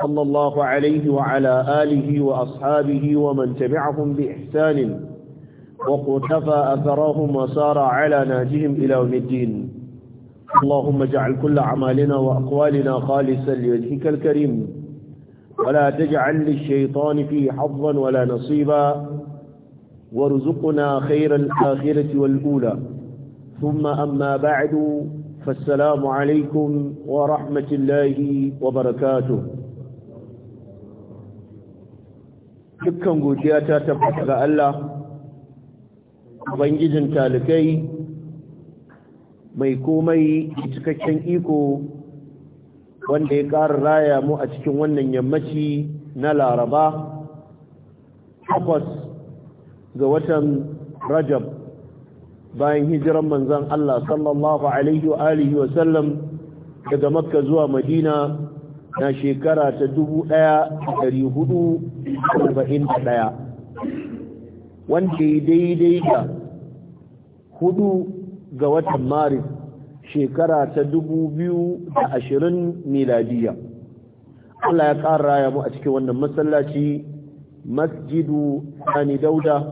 صلى الله عليه وعلى آله وأصحابه ومن تبعهم بإحسان وقتفى أثرهم وسار على ناجهم إلى يوم الدين اللهم اجعل كل أعمالنا وأقوالنا خالصا لوجهك الكريم ولا تجعل للشيطان فيه حظا ولا نصيبا وارزقنا خير الآخرة والأولى ثم أما بعد فالسلام عليكم ورحمة الله وبركاته dukkan godiya ta tabbata ga Allah ubangijin talibai mai komai cikakken iko wanda ya ƙara raya mu a cikin wannan yammaci na laraba takwas ga watan rajab bayan hijiran manzan Allah sallallahu alaihi wa alihi wa sallam daga makka zuwa madina na shekara ta 1441 wanda ya daidai da hudu ga watan maris shekara ta dubu biyu da 2020 miladiya Allah ya ƙara ya mu a cikin wannan masallaci masjidu sani dauda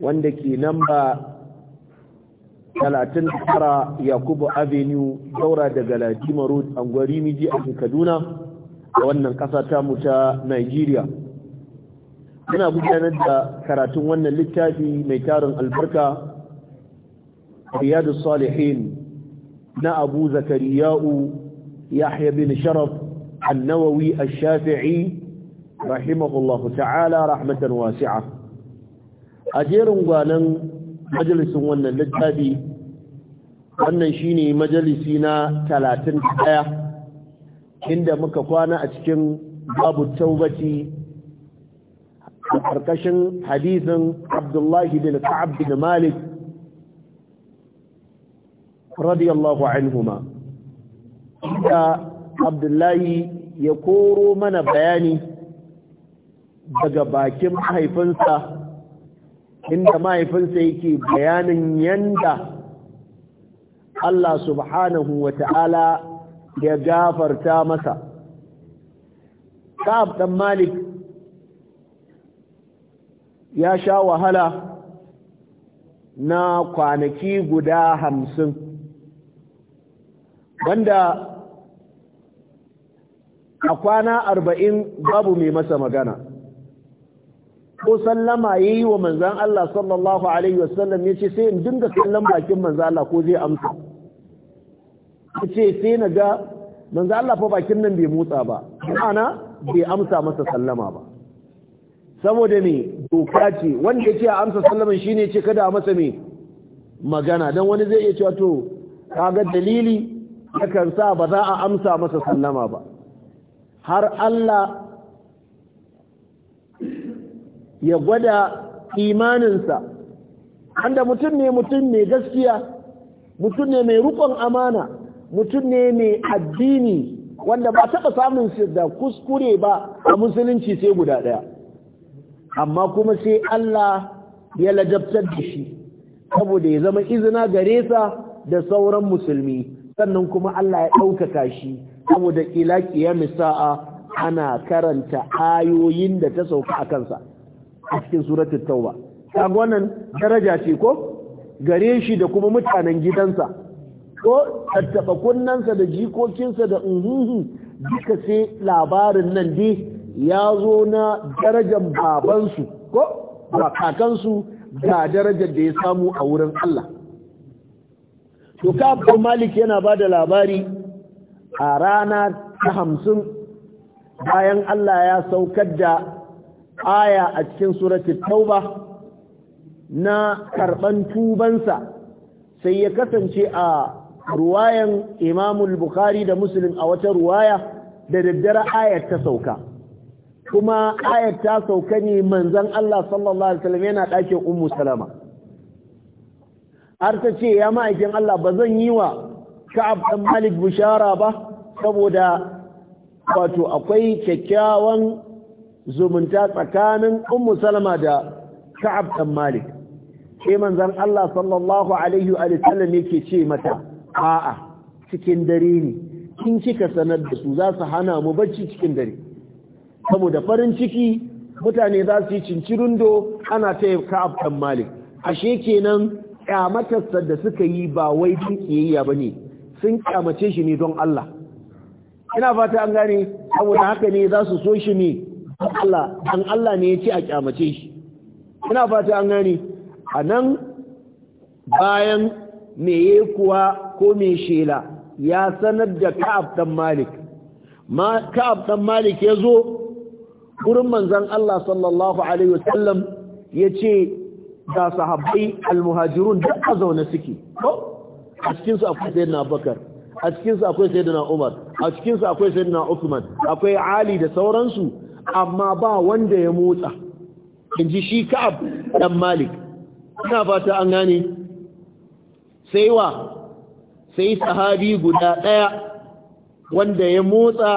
wanda ke namba talatin tara yakubu avenue daura daga latima road angwari miji a kaduna a wannan ƙasa ta mu ta nigeria muna gudanar da karatun wannan littafi mai tarin albarka riyadu salihin na abu zakariya'u yahya bin sharaf annawawi ashafi'i shafii rahimahullahu ta'ala rahmatan wasi'a a jerin gwanan majalisin wannan littafi wannan shine majalisi na 31 inda muka kwana a cikin babu taubati a ƙarƙashin hadisin abdullahi bin ka'ab bin malik radiyallahu anhuma da abdullahi ya koro mana bayani daga bakin mahaifinsa inda mahaifinsa yake bayanin yanda Allah subhanahu wa ta'ala ya gafarta masa ka'ab dan malik ya sha wahala na kwanaki guda hamsin wanda a kwana arba'in babu mai masa magana ko sallama ya yi wa manzan Allah sallallahu Alaihi wasallam ya ce sai in dinga kallon bakin manzan Allah ko zai amsa. Ya ce sai na ga manzan Allah fa bakin nan bai motsa ba, ana bai amsa masa sallama ba. Saboda me doka ce wanda ya ce a amsa sallaman shi ne ce kada a masa mai magana don wani zai iya cewa to kaga dalili yakan sa ba za a amsa masa sallama ba. Har Allah ya gwada imaninsa anda mutum ne mutum ne gaskiya mutum ne mai rukon amana mutum ne mai addini wanda ba taɓa samun shi da kuskure ba a musulunci sai guda ɗaya amma kuma sai Allah ya lajabtar da shi saboda ya zama izina gare sa da sauran musulmi sannan kuma Allah ya ɗaukaka shi saboda ila misa'a ana karanta ayoyin da ta sauka a kansa a cikin suratul tauba kaga wannan daraja ce ko gare shi da kuma mutanen gidansa ko tattaba kunnansa da jikokinsa da unhuhu duka sai labarin nan dai ya zo na darajar babansu ko kakansu ga darajar da ya samu a wurin Allah to kafin malik yana bada labari a rana ta hamsin bayan Allah ya saukar da aya a cikin surati tauba na karban tubansa sai ya kasance a ruwayan imamul bukhari da muslim a wata ruwaya da daddare ayat ta sauka kuma ayat ta sauka ne manzon Allah sallallahu alaihi wasallam yana ɗakin ummu salama har ta ce ya ma'aikin Allah ba zan yi wa ka'ab dan malik Bushara ba saboda wato akwai kyakkyawan zumunta tsakanin ummu salama da ka'ab dan malik sai manzon Allah sallallahu alaihi wa sallam yake ce mata a'a cikin dare ne kin kika sanar da su za su hana mu bacci cikin dare saboda farin ciki mutane za su yi cincirundo ana ta ka'ab dan malik ashe kenan kyamatarsa da suka yi ba wai don kiyayya ba ne sun kyamace shi ne don Allah ina fata an gane saboda haka ne za su so shi ne Allah an Allah ne ya ce a kyamace shi ina fata an A anan bayan meye kuwa ko me shela ya sanar da Ka'ab dan Malik ma Ka'ab dan Malik yazo gurin manzon Allah sallallahu alaihi wasallam yace da sahabbai muhajirun da zauna suke ko a cikin su akwai sayyidina Abubakar a cikin su akwai sayyidina Umar a cikin su akwai sayyidina Uthman akwai Ali da sauransu amma ba wanda ya motsa in ji shi ka'ab dan malik ina fata an gane sai wa sai sahabi guda ɗaya wanda ya motsa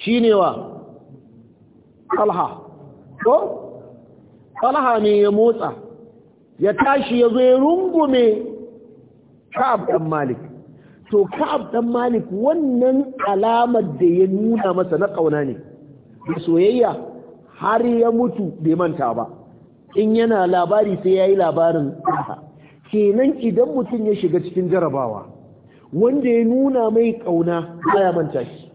shi ne wa ƙalha ko ƙalha ne ya motsa ya tashi ya zo ya rungume ka'ab dan malik to ka'ab ɗan malik wannan alamar da ya nuna masa na ƙauna ne da soyayya har ya mutu bai manta ba in yana labari sai ya yi labarin ɗansa kenan idan mutum ya shiga cikin jarabawa wanda ya nuna mai ƙauna baya manta shi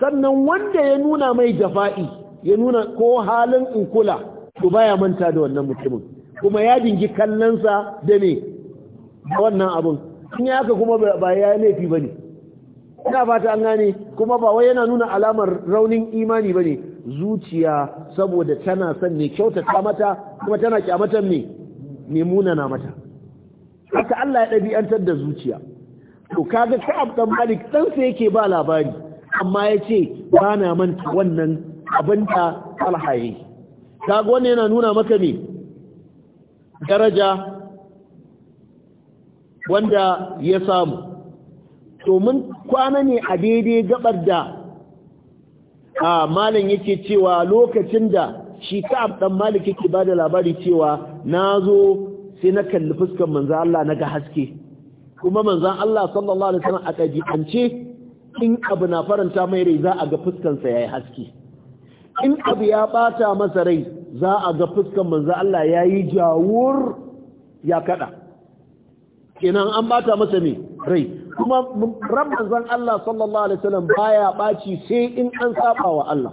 sannan wanda ya nuna mai jafa'i ya nuna ko halin in kula to baya manta da wannan mutumin kuma ya dingi kallonsa da ne da wannan abin in ya haka kuma ba ya laifi ba ne ina fata an gane kuma ba wai yana nuna alamar raunin imani bane zuciya saboda tana son ne kyautata mata kuma tana kyamata ne ne na mata haka Allah ya ɗabi'antar da zuciya to kaga ka abdan Malik dan sa yake ba labari amma yace ba na manta wannan abinda alhaye kaga wannan yana nuna maka ne daraja wanda ya samu to kwana ne a daidai gabar da a malam yake cewa lokacin da shi ka dan malik yake ba da labari cewa na zo sai na kalli fuskar manzan Allah na ga haske kuma manzan Allah sallallahu alaihi wasallam a kaji in abu na faranta mai rai za a ga fuskansa ya yi haske in abu ya bata masa rai za a ga fuskan manzan Allah ya yi jawur ya kada kenan an ɓata masa ne rai kuma ran Allah sallallahu alaihi wasallam baya ɓaci, sai in an saba wa Allah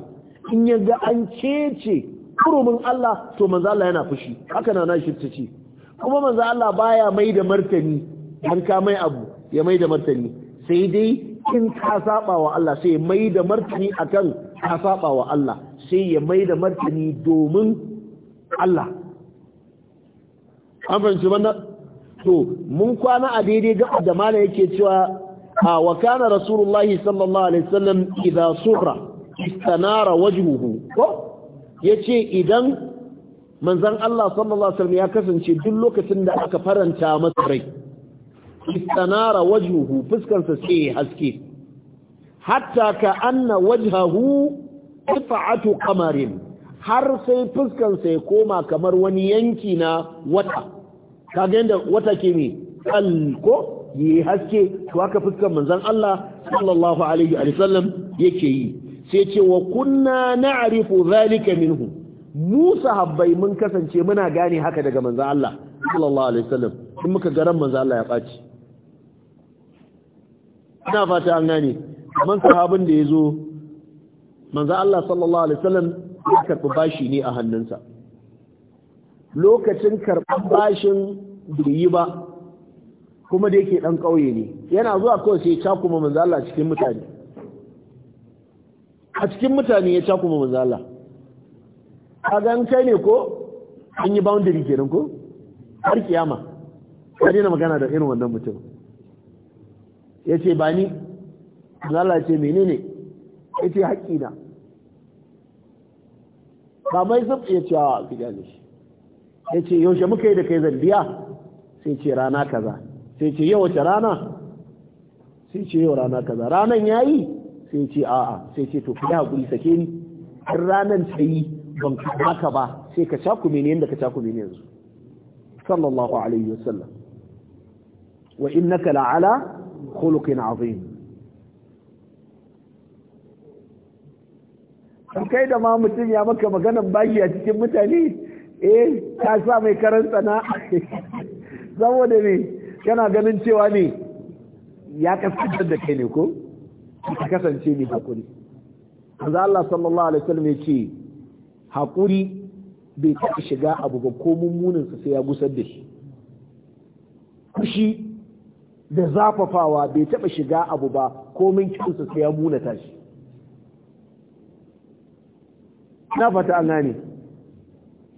in yaga an cece kurumin Allah to manza Allah yana fushi haka na nashi tace kuma manza Allah baya mai da martani dan ka mai abu ya mai da martani sai dai in ka saba wa Allah sai mai da martani akan ka saba wa Allah sai ya mai da martani domin Allah an fahimci wannan to mun kwana a daidai ga da mala yake cewa a wa kana rasulullahi sallallahu alaihi wasallam idza surra istanara wajhuhu ko yace idan manzon Allah sallallahu alaihi wasallam ya kasance duk lokacin da aka faranta masa rai istanara wajhuhu fuskarsa sai haske hatta ka anna wajhahu qit'atu qamarin har sai fuskarsa ya koma kamar wani yanki na wata kaga yanda wata ke mi ko yi haske to haka fuskar manzon Allah sallallahu alaihi wa sallam yake yi sai ce wa kunna na'rifu zalika minhu mu sahabbai mun kasance muna gane haka daga manzon Allah sallallahu alaihi wa sallam in muka garan manzon Allah ya baci ina fata an gane man sahabin da yazo manzon Allah sallallahu alaihi wa sallam ya karbi bashi ne a hannunsa lokacin karɓar bashin bai yi ba kuma da yake ɗan ƙauye ne yana zuwa kawai sai ya cakuma manzala a cikin mutane a cikin mutane ya cakuma manzo Allah A an kai ne ko an yi boundary kenan ko har kiyama ka daina magana da irin wannan mutum ya ce ba ni manzala ce menene ya ce haƙƙina ba mai zafi ya ce a fi ne shi ya ce yaushe muka yi da kai zambiya sai ce rana kaza sai ce yau wace rana sai ce yau rana kaza ranan ya yi sai ce a'a sai ce to kuma haƙuri sake ni har ranan ta yi ban maka ba sai ka cakume ne yadda ka cakume ne yanzu sallallahu alaihi wasallam wa innaka la'ala khuluqin azim kai da ma mutum ya maka maganan baki a cikin mutane eh ka sa mai karan na? saboda ne yana ganin cewa ne ya kasance da kai ne ko ka kasance ne hakuri azza Allah sallallahu alaihi wasallam ya ce hakuri bai taɓa shiga abu ba ko mummunin sa sai ya gusar da shi Kushi da zafafawa bai taɓa shiga abu ba ko komin kinsa sai ya munata shi na fata an gane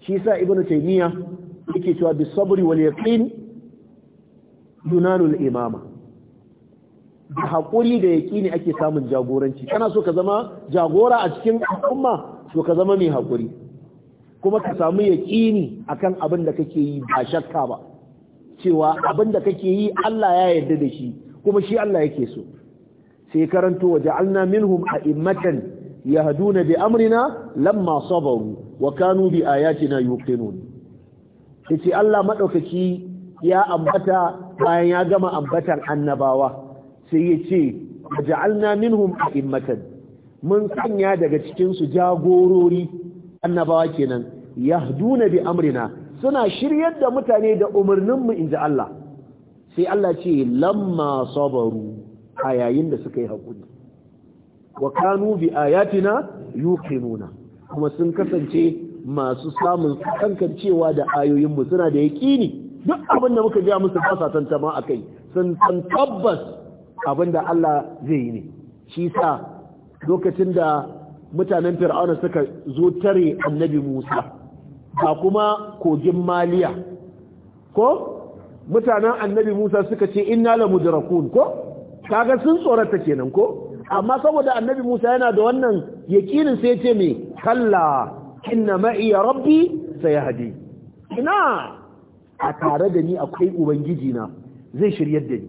shi yasa ibnu taymiya yake cewa bi sabri wal yaqin dunanul imama da haƙuri da yaƙini ake samun jagoranci kana so ka zama jagora a cikin al'umma to ka zama mai hakuri kuma ka samu yaƙini akan abin da kake yi ba shakka ba cewa abin da kake yi Allah ya yarda da shi kuma shi Allah yake so sai karanto wa ja'alna minhum a'immatan yahduna bi amrina lamma sabaru wa kanu bi ayatina yuqinun yace Allah madaukaki ya ambata bayan ya gama ambatan annabawa sai yace ja'alna minhum a'immatan mun sanya daga cikin su jagorori annabawa kenan yahduna bi amrina suna shiryar da mutane da umarninmu inji Allah sai Allah ce lamma sabaru a yayin da suka yi haƙuri wa kanu bi ayatina yuqinuna kuma sun kasance masu samun kankancewa da ayoyin mu suna da yaqini duk abin da muka ga musu ba sa tantama akai sun san tabbas abin da Allah zai yi ne shi sa lokacin da mutanen fir'auna suka zo tare annabi Musa ba kuma kogin maliya ko mutanen annabi Musa suka ce inna la mudrakun ko kaga sun tsorata kenan ko amma saboda annabi Musa yana da wannan yakinin sai ce mai kalla inna ma'i rabbi sayahdi ina a tare da ni akwai ubangiji na zai shiryar da ni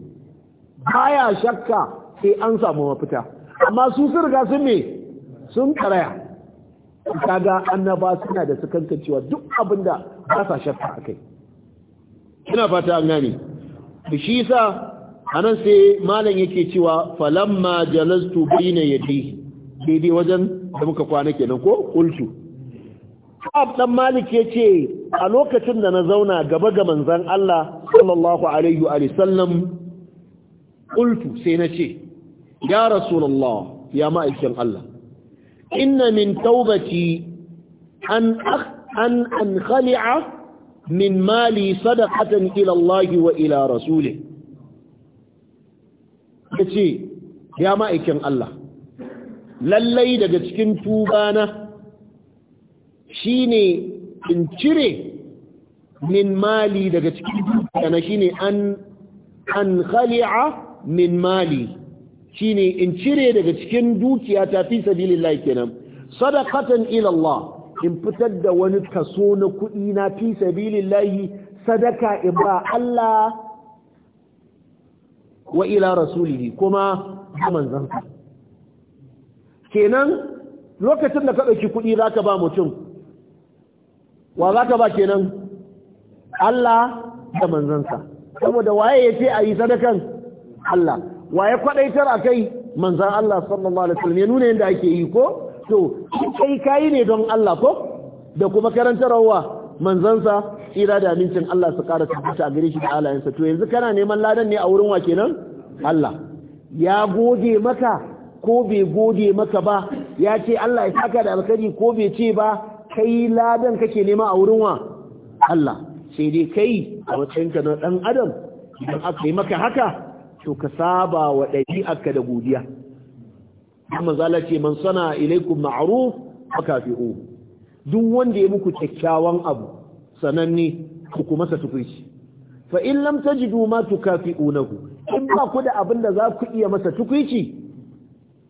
baya shakka sai an samu mafita amma su sun riga sun me sun karaya kaga annaba suna da sukankan duk abinda ba sa shakka akai ina fata an gane shi yasa anan sai malam yake cewa falamma jalastu bayna yadihi daidai wajen da muka kwana kenan ko qultu ab dan Malik yace a lokacin da na zauna gaba ga manzon Allah sallallahu alaihi wa sallam kultu sai na ce ya rasulullah ya ma'aikin Allah inna min taubati an an an khali'a min mali sadaqatan ila Allah wa ila rasulih ya ce ya ma'aikin Allah lallai daga cikin tubana shi ne in cire min mali daga cikin dukana shi ne an khali'a min mali shi ne in cire daga cikin dukiya ta fi sabilillahi kenan Sadakatan ilallah in fitar da wani kaso na kuɗi na fi sabilillahi sadaka in ba Allah wa ila rasulihi kuma ga manzansa kenan lokacin da ka ɗauki kuɗi za ka ba mutum wa za ka ba kenan Allah da manzansa saboda waye ya ce a yi sadakan Allah waye kwaɗaitar a kai manzan Allah sallallahu alaihi wasallam ya nuna yadda ake yi ko to kai kayi ne don Allah ko da kuma karantarwa manzansa tsira da amincin Allah su ƙara tabbata a gare shi da alayensa to yanzu kana neman ladan ne a wurin wa kenan Allah ya goge maka ko bai goge maka ba ya ce Allah ya saka da alkhairi ko bai ce ba kai ladan kake nema a wurin wa Allah sai dai kai a matsayinka na ɗan adam idan aka yi maka haka to ka saba wa ka da godiya amma zala ce man sana ilaikum ma'ruf fa kafi'u duk wanda ya muku kyakkyawan abu sananne ku masa sa fa in lam tajidu ma tukafi'unahu in ba ku da abin da za ku iya masa tukuici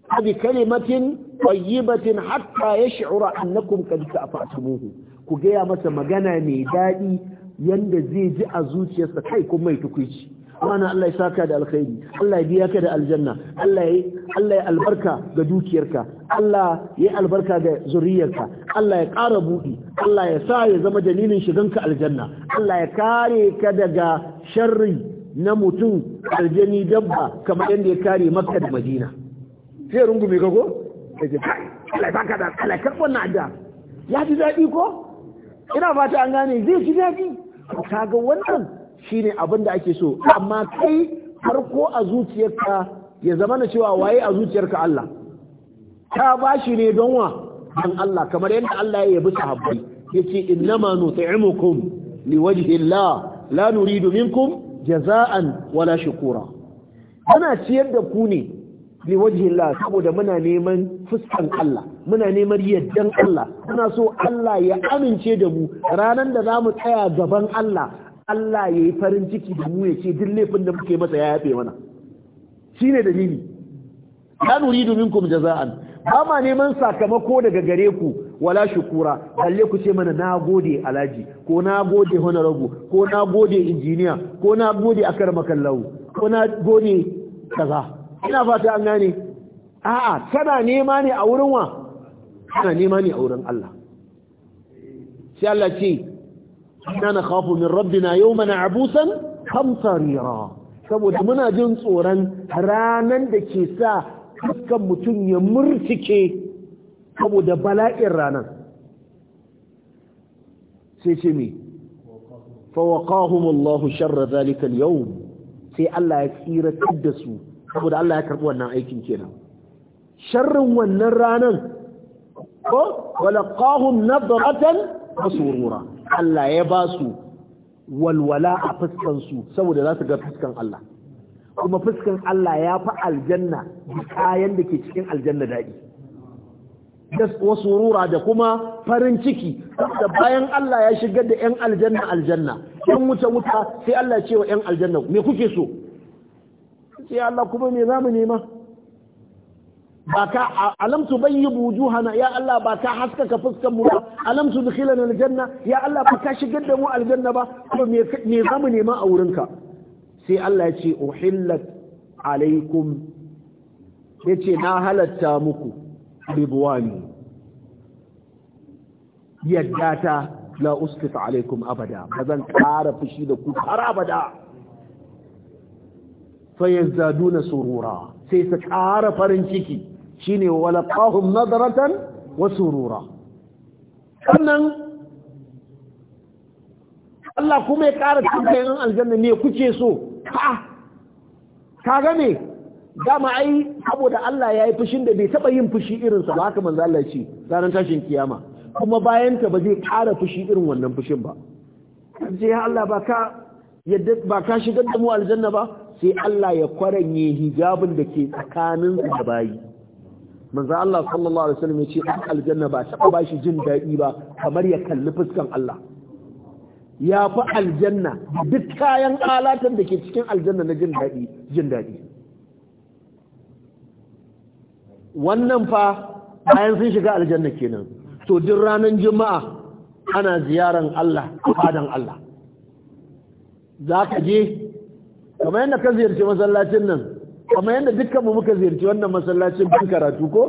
abi kalimatin tayyibatin hatta yash'ura annakum qad ta'fatumuhu ku ga ya masa magana mai dadi yanda zai ji a zuciyarsa kai kun mai tukuici amana Allah ya saka da alkhairi Allah ya biya ka da aljanna Allah ya Allah ya albarka ga dukiyarka Allah ya albarka ga zuriyarka Allah ya ƙara buɗi Allah ya sa ya zama dalilin shiganka aljanna Allah ya kare ka daga sharri na mutum aljani dabba kamar yadda ya kare Makka da Madina sai rungume ka ko Allah ya baka da Allah ya adda ya ji daɗi ko ina fata an gane zai ji daɗi ga wannan shine abin da ake so amma kai har ko a zuciyarka ya zama na cewa waye a zuciyarka Allah ta bashi ne don wa dan Allah kamar yadda Allah ya yabi sahabbai yace innama nut'imukum liwajhi Allah la nuridu minkum jaza'an wala shukura ana ciyar da ku ne liwajhi Allah saboda muna neman fuskan Allah muna neman yaddan Allah muna so Allah ya amince da mu ranan da zamu tsaya gaban Allah Allah ya yi farin ciki da mu ya ce duk laifin da muke masa ya yafe mana shi ne dalili la domin minkum jaza'an ba ma neman sakamako daga gare ku wala shukura balle ku ce mana na gode alaji ko na gode honorable ko na gode injiniya ko na gode akar makallahu ko na gode kaza ina fata an gane a'a kana nema ne a wurin wa kana nema ne a wurin Allah sai Allah ce inna nakhafu min rabbina yawman abusan kamtarira saboda muna jin tsoron ranan da ke sa fuskan mutum ya murtike saboda bala'in ranan sai ce me fawaqahum Allahu sharra zalika al-yawm sai Allah ya tsira da su saboda Allah ya karbi wannan aikin kenan sharrin wannan ranan ko walaqahum nadratan wa surura Allah ya ba su walwala a fuskansu saboda za su ga fuskan Allah kuma fuskan Allah ya fi aljanna kayan da ke cikin aljanna daɗi da wasu rura da kuma farin ciki da bayan Allah ya shigar da 'yan aljanna aljanna 'yan wuta wuta sai Allah ce wa 'yan aljanna me kuke so sai Allah kuma me za mu nema ba ka alam tu bayyibu wujuhana ya Allah ba ka haskaka fuskan mu ba alam tu dukhilana aljanna ya Allah ba ka shigar da mu aljanna ba to me me zamu nema a wurinka sai Allah ya ce uhillat alaikum yace na halatta muku ribwani yadda ta la uskita alaikum abada ba zan kara fushi da ku har abada fa yazdaduna surura sai su kara farin ciki shine walaqahum nadratan wa surura sannan Allah kuma ya ƙara tambayin aljanna ne kuke so ka ga ne dama ai saboda Allah ya yi fushin da bai taɓa yin fushi irinsa ba haka manzo Allah ce ranar tashin kiyama kuma bayan ta ba zai ƙara fushi irin wannan fushin ba sai ya Allah ba ka yadda ba ka shigar da mu aljanna ba sai Allah ya kwaranye hijabin da ke tsakanin da bayi manzo Allah sallallahu alaihi wasallam yace an aljanna ba ta ba shi jin daɗi ba kamar ya kalli fuskan Allah ya fi aljanna duk kayan alatan da ke cikin aljanna na jin daɗi jin daɗi wannan fa bayan sun shiga aljanna kenan to duk ranar juma'a ana ziyaran Allah fadan Allah zaka je kamar yadda ka ziyarci masallacin nan kamar yadda dukkan mu muka ziyarci wannan masallacin bin karatu ko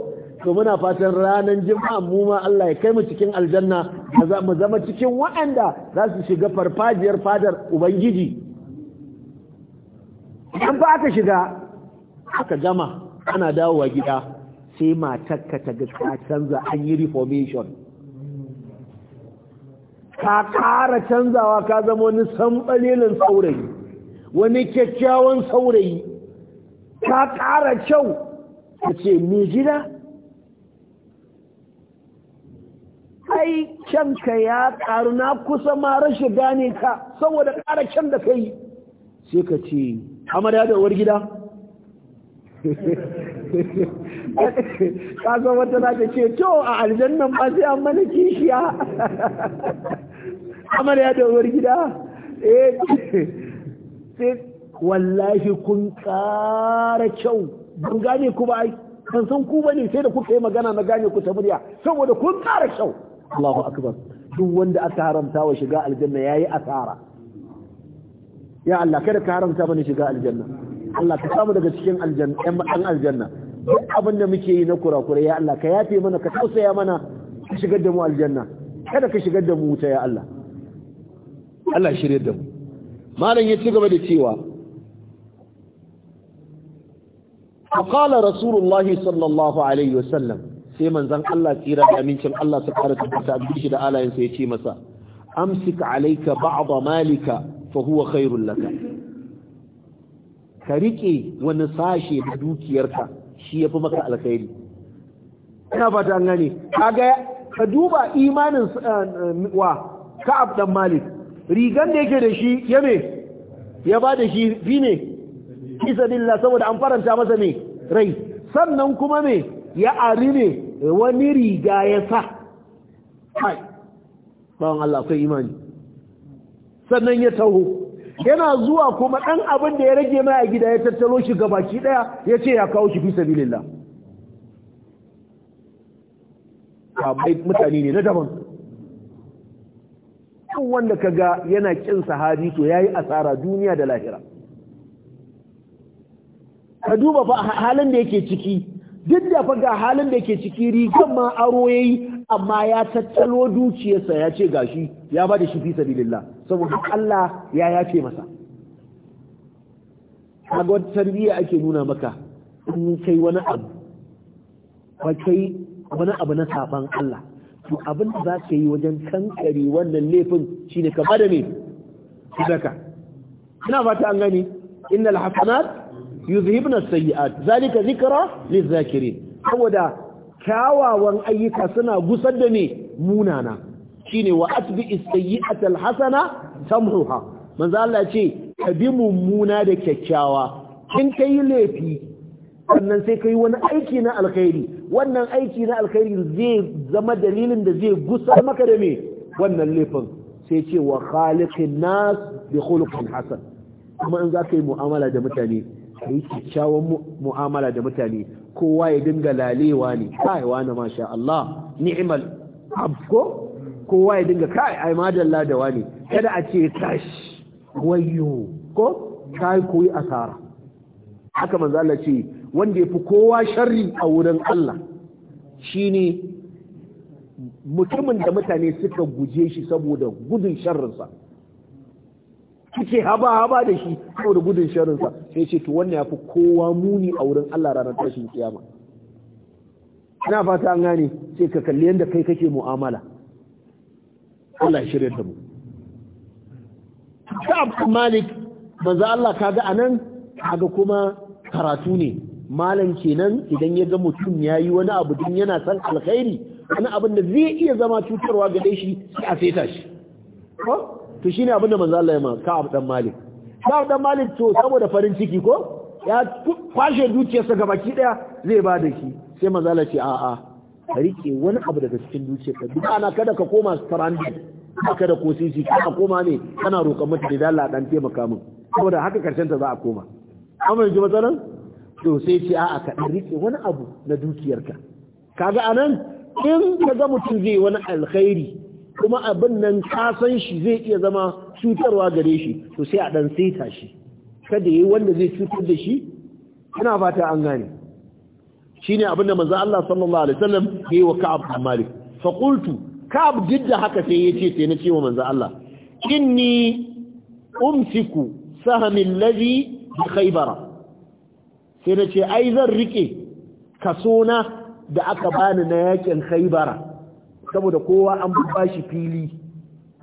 to muna fatan ranar jima'a mu ma Allah ya kai mu cikin aljanna mu zama cikin waɗanda za su shiga farfajiyar fadar ubangiji An ba aka shiga aka gama ana dawowa gida sai matakka ta ga canza an yi reformation ka kara canzawa ka zama wani sambalilin saurayi wani kyakkyawan saurayi ta ƙara kyau ta ce me gida ai kyanka ya ƙaru na kusa ma rashin gane ka saboda ƙara kyan da kai sai ka ce amarya da uwar gida kaso wata za ta ce to a aljannan ba sai an mana kishiya amarya da uwar gida eh wallahi kun ƙara kyau ban gane ku ba ai ban san ku bane sai da kuka yi magana na gane ku ta murya saboda kun ƙara kyau Allahu akbar duk wanda aka haramta wa shiga aljanna yayi asara ya Allah kada ka haramta mana shiga aljanna Allah ka samu daga cikin aljanna ɗan aljanna duk abin da muke yi na kurakura ya Allah ka yafe mana ka tausaya mana ka shigar da mu aljanna kada ka shigar da mu wuta ya Allah Allah shirye da mu malam ya ci gaba da cewa فقال رسول الله صلى الله عليه وسلم sai manzon Allah tsira da amincin Allah su fara tabbata abin shi da alayin ya ce masa amsik alayka ba'd malika fa huwa khairul laka ka rike wani sashe da dukiyarka shi yafi maka alkhairi ina fata an gane kaga ka duba imanin wa Ka'ab dan Malik rigan da yake da shi ya ya ba da shi fi ne fi saboda an faranta masa me rai sannan kuma me ya ari ne wani riga ya sa kai bawan Allah akwai imani sannan ya taho yana zuwa kuma ɗan abin da ya rage mai a gida ya tattalo shi gabaki daya ya ce ya kawo shi fi sabilillah sahabbai mutane ne na daban kan wanda ka ga yana kin sahabi to yayi asara duniya da lahira ka duba fa halin da yake ciki duk da fa ga halin da yake ciki rigan ma aro yayi amma ya tattalo dukiyarsa ya ce gashi ya ba da shi fi sabilillah saboda Allah ya yafe masa kaga wata tarbiyya ake nuna maka in kai wani abu ba kai wani abu na saban Allah to abin da za ka yi wajen kankare wannan laifin shine ka bada ne sadaka ina fata an gani innal hasanat yuzhibna sayyi'at zalika zikra lizakirin saboda kyawawan ayyuka suna gusar da ne munana shine wa atbi as-sayyi'ata al-hasana manzo Allah ce ka bi mummuna da kyakkyawa kin kai laifi sannan sai kai wani aiki na alkhairi wannan aiki na alkhairi zai zama dalilin da zai gusar maka da me wannan laifin sai ce wa khaliqin nas bi khuluqin hasan kuma in za ka yi mu'amala da mutane ka yi kyakkyawan mu'amala da mutane kowa ya dinga lalewa ne kai wani masha Allah ni'mal abko kowa ya dinga kai ai madalla da wani kada a ce tash wayo. ko kai koyi asara haka manzo Allah ce wanda yafi kowa sharri a wurin Allah shine mutumin da mutane suka guje shi saboda gudun sharrinsa kike haba haba da shi saboda gudun sharinsa. sai ce to wannan yafi kowa muni a wurin Allah ranar tashin kiyama ina fata an gane sai ka kalli yanda kai kake mu'amala Allah ya shirya da mu Ka'ab Malik banza Allah kaga anan kaga kuma karatu ne malam kenan idan ya ga mutum yayi wani abu din yana san alkhairi wani abin da zai iya zama cutarwa gare shi sai a saita shi ko to shine abin da manzo Allah ya ma Ka'ab dan Malik Ka'ab dan Malik to saboda farin ciki ko ya kwashe dukiyarsa gabaki daya zai ba da shi sai manzo Allah ce a'a ka rike wani abu daga cikin dukiyarka duk ana kada ka koma strandi kada da kosisi kana koma ne kana roƙon mutum da Allah dan taimaka min saboda haka karshen ta za a koma amma yanzu matsalan to sai ce a'a ka rike wani abu na dukiyarka kaga anan in kaga mutum zai wani alkhairi kuma abin nan ka san shi zai iya zama cutarwa gare shi to sai a dan saita shi kada yayi wanda zai cutar da shi ina fata an gane shine abin da manzo Allah sallallahu alaihi wasallam yayi wa Ka'ab bin Malik fa qultu Ka'ab didda haka sai yace sai na ce wa manzo Allah inni umsiku sahmi alladhi bi khaybara sai na ce ai zan rike kasona da aka bani na yakin khaybara saboda kowa an ba shi fili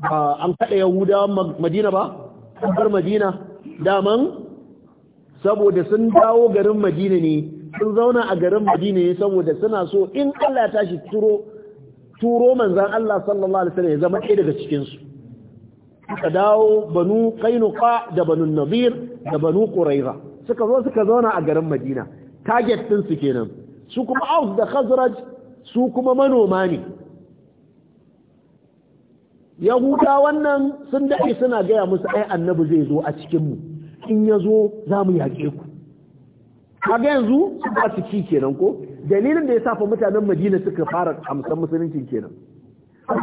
an kada yahudawan madina ba an bar madina daman saboda sun dawo garin madina ne sun zauna a garin madina ne saboda suna so in Allah tashi turo turo manzan Allah sallallahu alaihi wasallam ya zama ɗaya daga cikinsu, suka dawo banu qainuqa da banu nadir da banu Ƙuraira, suka zo suka zauna a garin madina target ɗin su kenan su kuma aus da khazraj su kuma manoma ne yahuda wannan sun daɗe suna gaya musu ai annabi zai zo a cikinmu in ya zo za mu yaƙe ku kaga yanzu su ba su ci kenan ko dalilin da ya safa mutanen madina suka fara amsan musuluncin kenan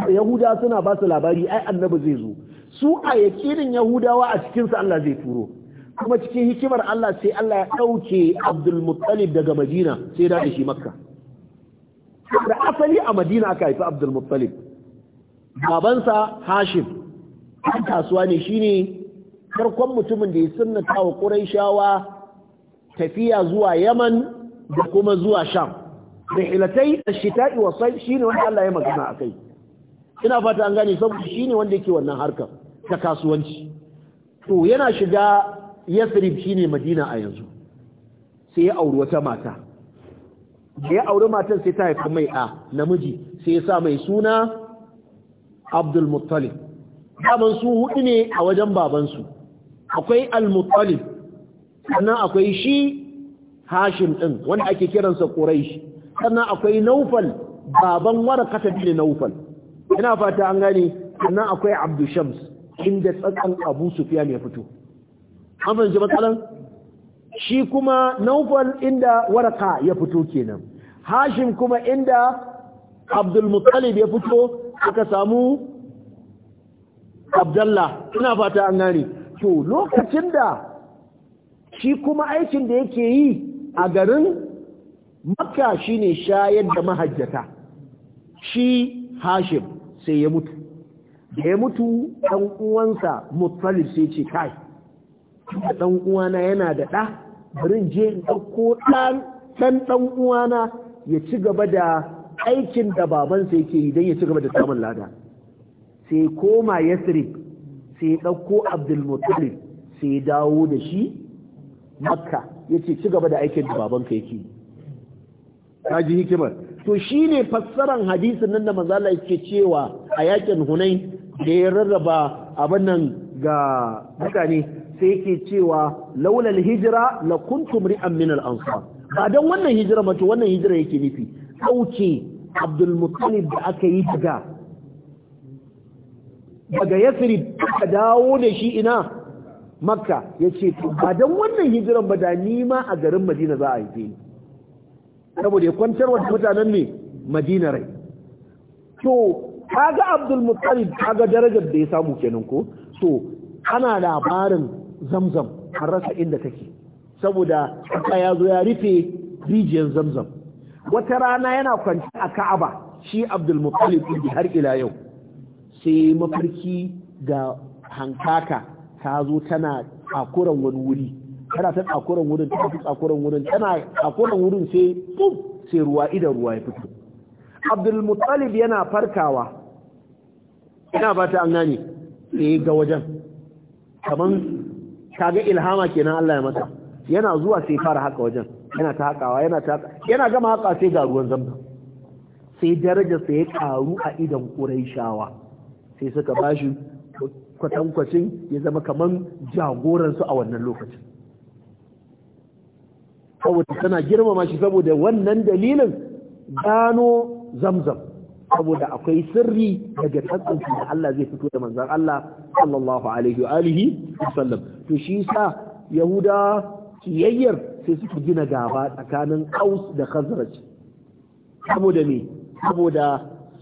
yahuda suna ba su labari ai annabi zai zo su a yakinin yahudawa a cikinsu allah zai turo kuma cikin hikimar allah sai allah ya ɗauke abdulmuttalib daga madina sai da shi makka da asali a madina aka haifi abdulmuttalib babansa hashim an kasuwa ne shine farkon mutumin da ya sunnata wa ƙuraishawa tafiya zuwa yaman da kuma zuwa sham da a shita'i wa shi shine wanda Allah ya magana akai ina fata an gane saboda shine wanda yake wannan harkar ta kasuwanci to yana shiga yathrib shine madina a yanzu sai ya auri wata mata da ya auri matan sai ta haifa mai a namiji sai ya sa mai suna abdul muttalib daman su hudu ne a wajen babansu akwai al A sannan akwai shi hashim ɗin, wanda ake kiransa quraish sannan akwai naufal baban warakata bin naufal ina fata an gane sannan akwai Abdushams, inda tsakan abu sufyan ya fito an fahimci matsalan shi kuma naufal inda waraka ya fito kenan hashim kuma inda abdul ya fito aka samu Abdullah ina fata an gane to lokacin da shi kuma aikin da yake yi a garin makka shine shayar da mahajjata shi hashim sai ya mutu da ya mutu ɗan'uwansa uwansa muttalib sai ce kai ɗan uwana yana da ɗa barin je in ɗauko ɗan ɗan uwana ya ci gaba da aikin da babansa yake yi don ya ci gaba da samun lada sai koma yasrib sai ɗauko abdulmutalib sai dawo da shi makka ya ce ci gaba da aikin da babanka yake yi ta ji hikimar to shi ne fassaran hadisin nan da mazala yake cewa a yakin hunai da ya rarraba abin nan ga mutane sai yake cewa laulal hijira la kuntum ri'an min al ba don wannan hijira mace wannan hijira yake nufi kauce abdulmuttalib da aka yi daga daga yasrib aka dawo da shi ina makka ya ce ba don wannan hijiran ba da nima a garin madina za a haife ni saboda ya kwantar wa mutanen ne madina rai to kaga abdulmuttalib kaga darajar da ya samu kenan ko to ana labarin zamzam har rasa inda take saboda aka ya zo ya rufe rijiyar zamzam wata rana yana kwanci a ka'aba shi abdul muttalib har ila yau sai mafarki ga hankaka ta zo tana akuran wani wuri tana ta akuran wurin ta fi akuran wurin tana akuran wurin sai pum sai ruwa idan ruwa ya fito abdul muttalib yana farkawa ina ba ta an gane sai ga wajen kaman kaga ilhama kenan Allah ya mata yana zuwa sai fara haka wajen yana ta haƙawa, yana ta yana gama haƙa sai ga ruwan zamba sai daraja sai ya karu a idan ƙuraishawa sai suka bashi kwatankwacin ya zama kamar jagoransu a wannan lokacin saboda tana girmama shi saboda wannan dalilin gano zamzam saboda akwai sirri daga tsantsanci da Allah zai fito da manzan Allah sallallahu alaihi wa alihi wasallam to shi sa yahuda ciyayyar? sai suka gina gaba tsakanin aus da khazraj saboda me saboda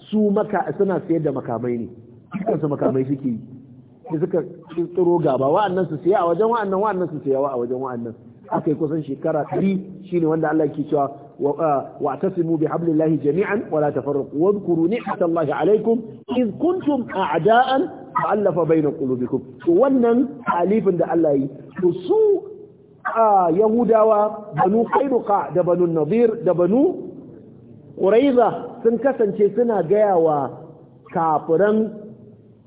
su maka suna sayar da makamai ne su makamai suke yi sai suka tsiro gaba wa'annan su siya a wajen wa'annan wa'annan su siya a wajen wa'annan aka yi kusan shekara ɗari shine wanda Allah ke cewa واعتصموا بحبل الله جميعا ولا تفرقوا واذكروا نعمة الله عليكم إذ كنتم أعداء فألف بين قلوبكم wannan alifin da Allah yi su yahudawa banu kainuka da banu nazir da banu ƙuraiza sun kasance suna gaya wa kafiran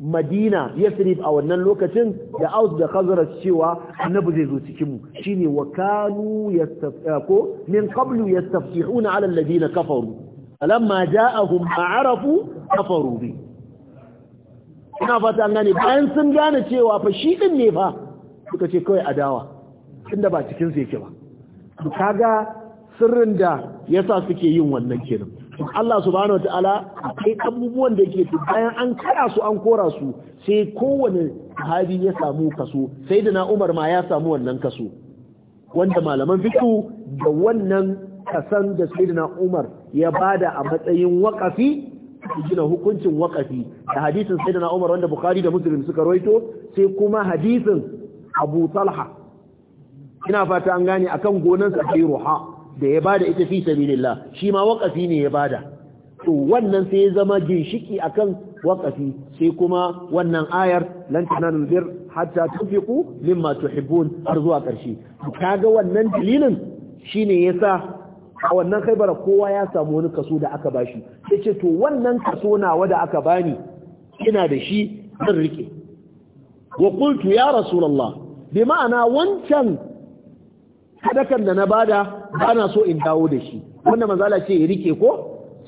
madina yasrib a wannan lokacin da aus da khazraj cewa annabi zai zo cikin mu shine wa kanu yastafqo eh, min qablu yastafihuna ala alladhina kafaru alamma ja'ahum ma'arafu kafaru bi ina fata an gane bayan sun gane cewa fa shi din ne fa suka ce kawai adawa tunda ba cikin su yake ba to ga sirrin da yasa suke yin wannan kenan Allah subhanahu wataala akwai abubuwan da yake bayan an kara su an kora su sai kowane sahabi ya samu kaso sai da na Umar ma ya samu wannan kaso wanda malaman fiqh da wannan kasan da sayyidina Umar ya bada a matsayin waƙafi gina hukuncin waƙafi da hadisin sayyidina Umar wanda Bukhari da Muslim suka roito sai kuma hadisin Abu Talha ina fata an gane akan sa akwai ruha da ya bada ita fi sabilillah shi ma waqafi ne ya bada to wannan sai ya zama ginshiki akan waqafi sai kuma wannan ayar lan tanalul bir hatta tufiqu mimma tuhibbun har zuwa karshe kaga wannan dalilin shine yasa a wannan khaibara kowa ya samu wani kaso da aka bashi sai ce to wannan kaso nawa da aka bani ina da shi zan rike wa qultu ya rasulullah bi ma'ana wancan sadakan da na bada bana so in dawo da shi wanda manzala ce ya rike ko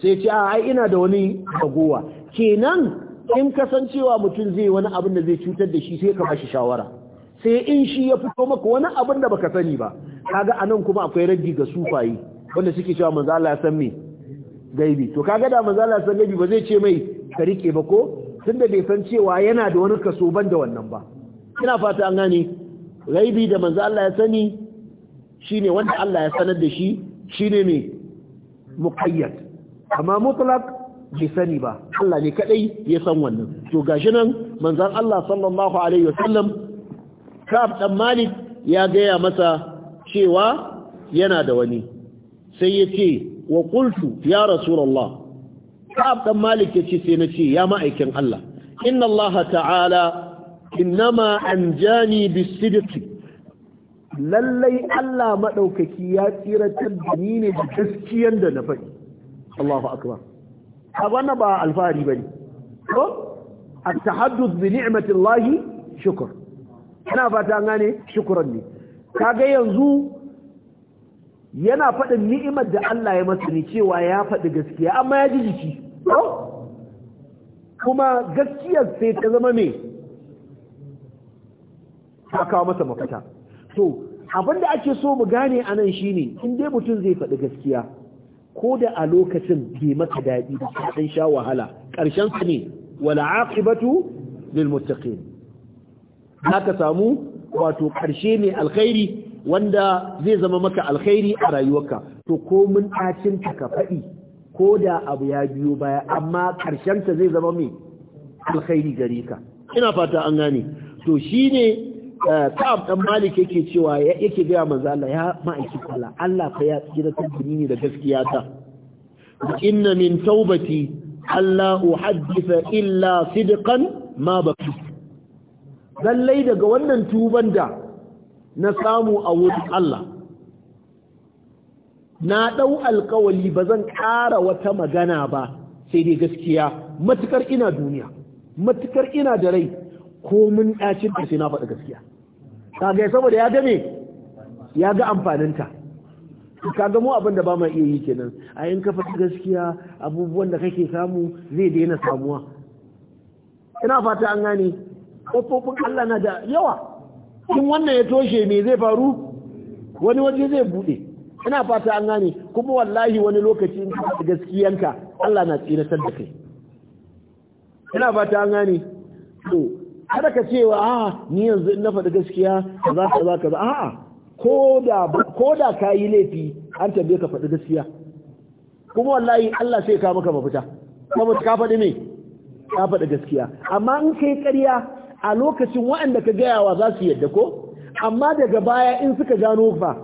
sai ce a ai ina da wani gagowa. kenan in kasancewa mutum zai wani abin da zai cutar da shi sai ka bashi shawara sai in shi ya fito maka wani abin da baka sani ba kaga anan kuma akwai raggi ga sufayi wanda suke cewa manzo Allah ya san me gaibi to kaga da manzo ya san gaibi ba zai ce mai ka rike ba ko tunda bai san cewa yana da wani kaso ban da wannan ba ina fata an gane gaibi da manzo Allah ya sani shine wanda Allah ya sanar da shi shine mai muqayyad amma mutlaq bai sani ba Allah ne kadai ya san wannan to gashi nan manzon Allah sallallahu alaihi wasallam Ka'ab dan Malik ya gaya masa cewa yana da wani sai ya ce wa qultu ya rasulullah Ka'ab dan Malik ya ce sai na ce ya ma'aikin Allah inna Allah ta'ala innama anjani bis-sidqi lallai Allah maɗaukaki ya tsiratar da ni ne da gaskiyan da na faɗi Allahu akbar a ba alfahari bane ko at-tahadduth bi ni'matillahi shukr ina fata gane shukran ne kaga yanzu yana faɗin ni'imar da Allah ya masa cewa ya faɗi gaskiya amma ya ji jiki kuma gaskiyar sai ta zama me ta kawo masa mafita to abin da ake so mu gane a nan shine in dai mutum zai faɗi gaskiya ko da a lokacin bai maka daɗi da ka sha wahala ƙarshen sa ne wala aqibatu lil muttaqin haka samu wato ƙarshe ne alkhairi wanda zai zama maka alkhairi a rayuwarka to ko mun ɗacin ka faɗi ko da abu ya biyo baya amma ƙarshen ta zai zama mai alkhairi gare ka ina fata an gane to shine Ka'ab eh, ɗan Malik yake cewa yake gaya manzo Allah ya ma'aiki Allah Allah fa ya tsira ta ne da gaskiya ta inna min taubati Allah uhaddisa illa sidqan ma baki lallai daga wannan tuban da na samu a wurin Allah na ɗau alkawali ba zan ƙara wata magana ba sai dai gaskiya matukar ina duniya matukar ina da rai ko mun ɗacin sai na faɗi gaskiya kaga saboda ya ga me ya ga amfaninta kaga mu abin da ba mu iya yi kenan a yin kafa gaskiya abubuwan da kake samu zai daina samuwa ina fata an gane kofofin Allah na da yawa in wannan ya toshe me zai faru wani waje zai bude ina fata an gane kuma wallahi wani lokaci in ka gaskiyanka Allah na tsiratar da kai ina fata an gane to kada ka cewa a ah, ni yanzu na faɗi gaskiya za ka za ka za a ko da ka yi laifi an tambaye ka faɗi gaskiya kuma wallahi Allah sai ka maka mafita kuma ka faɗi ne ka faɗi gaskiya amma in kai ƙarya a lokacin waɗanda ka gaya wa za su yadda ko amma daga baya in suka gano fa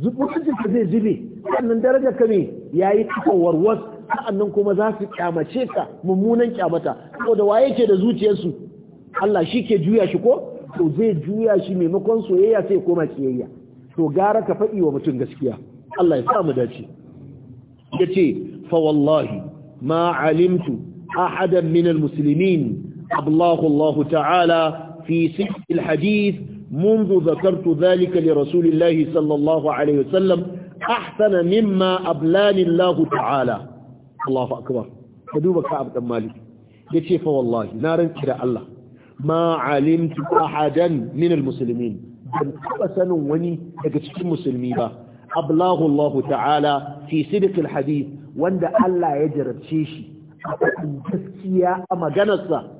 zubutun ka zai zube sannan darajar ka ne yayi kafawar warwar. nan kuma za su kyamace ka mummunan kyamata saboda waye yake da zuciyarsu Allah shi ke juya shi ko to zai juya shi maimakon soyayya sai koma kiyayya to gara ka faɗi wa mutum gaskiya Allah ya sa mu dace yace fa wallahi ma alimtu ahadan min almuslimin ablahu Allah ta'ala fi sihh alhadith منذ ذكرت ذلك لرسول الله صلى الله عليه وسلم أحسن مما أبلاني الله تعالى Allahu akbar ka duba Ka'ab dan Malik yace fa wallahi na ranki da Allah ma alimtu ahadan min almuslimin ban taba sanin wani daga cikin musulmi ba ablahu Allah ta'ala fi sidq alhadith wanda Allah ya jarabce shi a gaskiya a maganarsa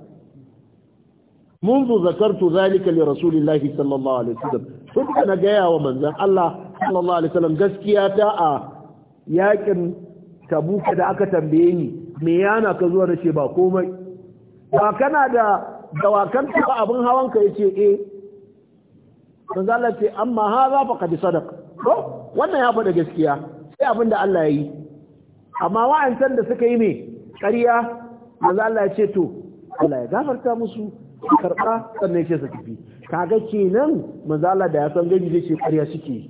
منذ ذكرت ذلك لرسول الله صلى الله عليه وسلم فكنا جاء ومن ذا الله صلى الله عليه وسلم جسكياتا ياكن tabuka da aka tambaye ni me yana ka zuwa nace ba komai ba kana da dawakan ka abin hawan ka yace eh manzo Allah ce amma fa kadi sadaq ko wannan ya faɗi gaskiya sai abin da Allah ya yi amma wa'antan da suka yi me ƙarya manzo ce to Allah ya gafarta musu karɓa sannan ya ce su tafi kaga kenan manzo da ya san gani zai ce ƙarya suke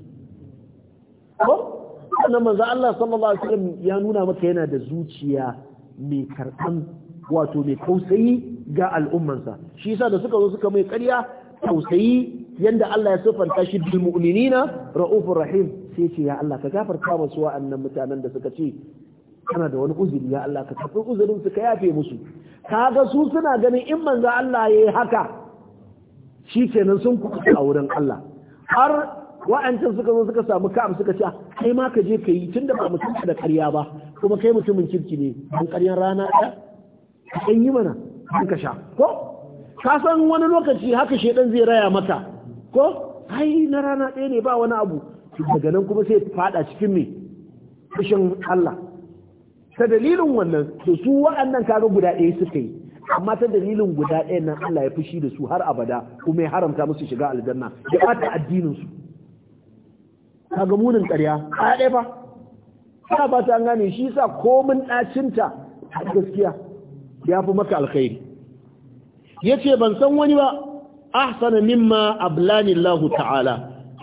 ko sannan manzo Allah sallallahu alaihi wasallam ya nuna maka yana da zuciya mai karɓan wato mai tausayi ga al'ummansa shi yasa da suka zo suka mai ƙarya tausayi yanda Allah ya sifanta shi bil mu'minina ra'ufur rahim sai ce ya Allah ka gafarta musu wa'annan mutanen da suka ce kana da wani uzuri ya Allah ka tafi uzurin su ka yafe musu kaga su suna ganin in manzo Allah yayi haka shikenan sun kuka a wurin Allah har Wa'ancin suka zo suka samu ka'ab suka ce ah, kai ma ka je ka yi tunda ba mutum da karya ba kuma kai mutumin kirki ne dan karyan rana ɗaya kan yi mana an ka sha ko ka san wani lokaci haka shedan zai raya maka ko ai na rana ɗaya ne ba wani abu daga nan kuma sai faɗa cikin me fushin Allah ta dalilin wannan to su wa'annan kaga guda ɗaya suka yi amma ta dalilin guda ɗaya nan Allah ya fushi da su har abada kuma ya haramta musu shiga aljanna ya ɓata addinin su kaga munin ƙarya a ɗaya ba ta ba ta gane shi sa komin ɗacinta a gaskiya ya fi maka alkhairi ya ce ban san wani ba ahsana mimma ablani Allah ta'ala